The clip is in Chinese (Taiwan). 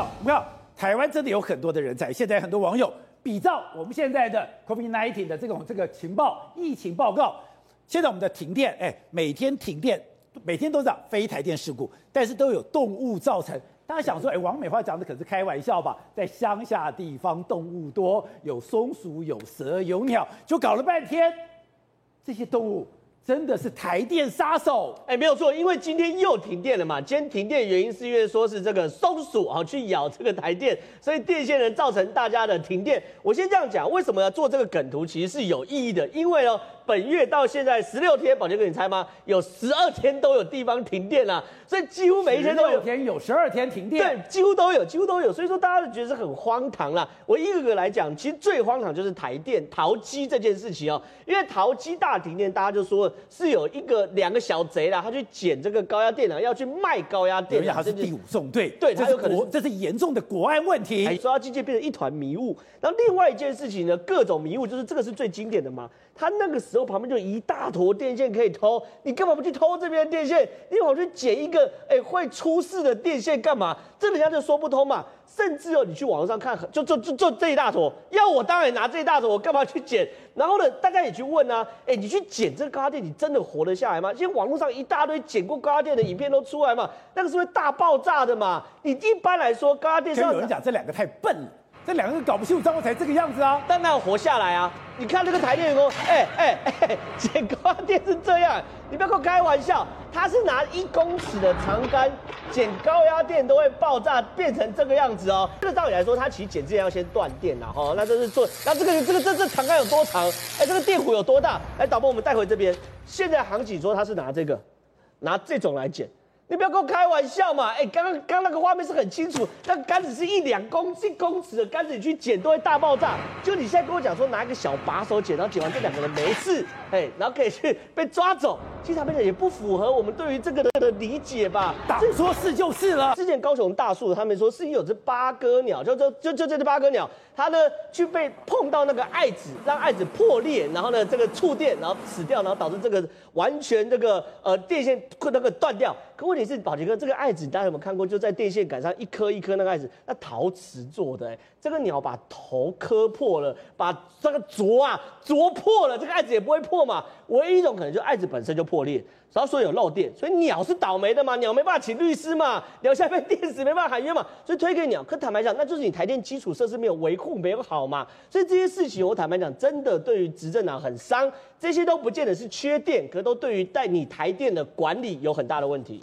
我沒有，台灣真的有很多的人才，現在很多網友比照我們現在的 COVID-19 的這種這個情報、疫情報告，現在我們的停電，哎、欸，每天停電，每天都是這樣，非台電事故，但是都有動物造成。大家想說，哎、欸，王美花講的可是開玩笑吧？在鄉下地方動物多，有松鼠、有蛇、有鳥，就搞了半天這些動物。真的是台電殺手哎、欸，沒有錯，因為今天又停電了嘛。今天停電原因是因為說是這個松鼠啊去咬這個台電，所以電線呢，造成大家的停電。我先這樣講，為什麼要做這個梗圖？其實是有意義的，因為哦，本月到現在十六天，寶傑哥，你猜嗎？有十二天都有地方停電了，所以幾乎每一天都有停，天有十二天停電，對，幾乎都有，幾乎都有。所以說大家覺得是很荒唐了。我一個個來講，其實最荒唐就是台電桃機這件事情哦，因為桃機大停電，大家就說。是有一個兩個小賊啦，他去剪這個高壓電纜，要去賣高壓電纜。他是第五縱隊，對，對這是國，這是嚴重的國安問題。所以他電線變成一團迷霧。然後另外一件事情呢，各種迷霧，就是這個是最經典的嘛。他那個時候旁邊就一大坨電線可以偷，你幹嘛不去偷這邊的電線？你跑去剪一個，哎、欸，會出事的電線幹嘛？這人家就說不通嘛。甚至哦，你去網上看，就就就就這一大坨，要我當然拿這一大坨，我幹嘛去剪？然後呢，大家也去問啊，哎、欸，你去剪這個高壓電，你真的活得下來嗎？因為網絡上一大堆剪過高壓電的影片都出來嘛，那個是不是大爆炸的嘛？你一般來說高壓電是有人講這兩個太笨了，這兩個搞不清楚狀況才這個樣子啊，但那要活下來啊。你看那個台電員工，哎哎哎，剪高壓電是這樣，你不要跟我開玩笑，他是拿一公尺的長桿剪高壓電都會爆炸變成這個樣子哦。這個道理來說，他其實剪之前要先斷電啦。哈。那這是做，那這個這個這這長桿有多長？哎，這個電弧有多大？哎，導播我們帶回這邊，現在刑警說他是拿這個，拿這種來剪。你不要跟我開玩笑嘛！哎、欸，剛剛剛那個畫面是很清楚，那個桿子是一兩公一公尺的桿子，你去剪都會大爆炸。就你現在跟我講說拿一個小把手剪，然後剪完這兩個人沒事，哎、欸，然後可以去被抓走。其實他們講也不符合我們對於這個的理解吧？是說是就是了。之前高雄大樹他們說是有只八哥鳥，就就就就這只八哥鳥，它呢去被碰到那個礙子，讓礙子破裂，然後呢這個觸電，然後死掉，然後導致這個完全這個呃電線那個斷掉。可問題是寶傑哥，這個礙子大家有沒有看過？就在電線桿上一顆一顆那個礙子，那陶瓷做的、欸。這個鳥把頭磕破了，把這個啄啊啄破了，這個礙子也不會破嘛？唯一一種可能就是礙子本身就。破裂，然後說有漏電，所以鳥是倒霉的嘛，鳥沒辦法請律師嘛，鳥下面電死沒辦法喊冤嘛，所以推給鳥。可坦白講，那就是你台電基礎設施沒有維護沒有好嘛，所以這些事情我坦白講，真的對於執政黨很傷。這些都不見得是缺電，可都對於帶你台電的管理有很大的問題。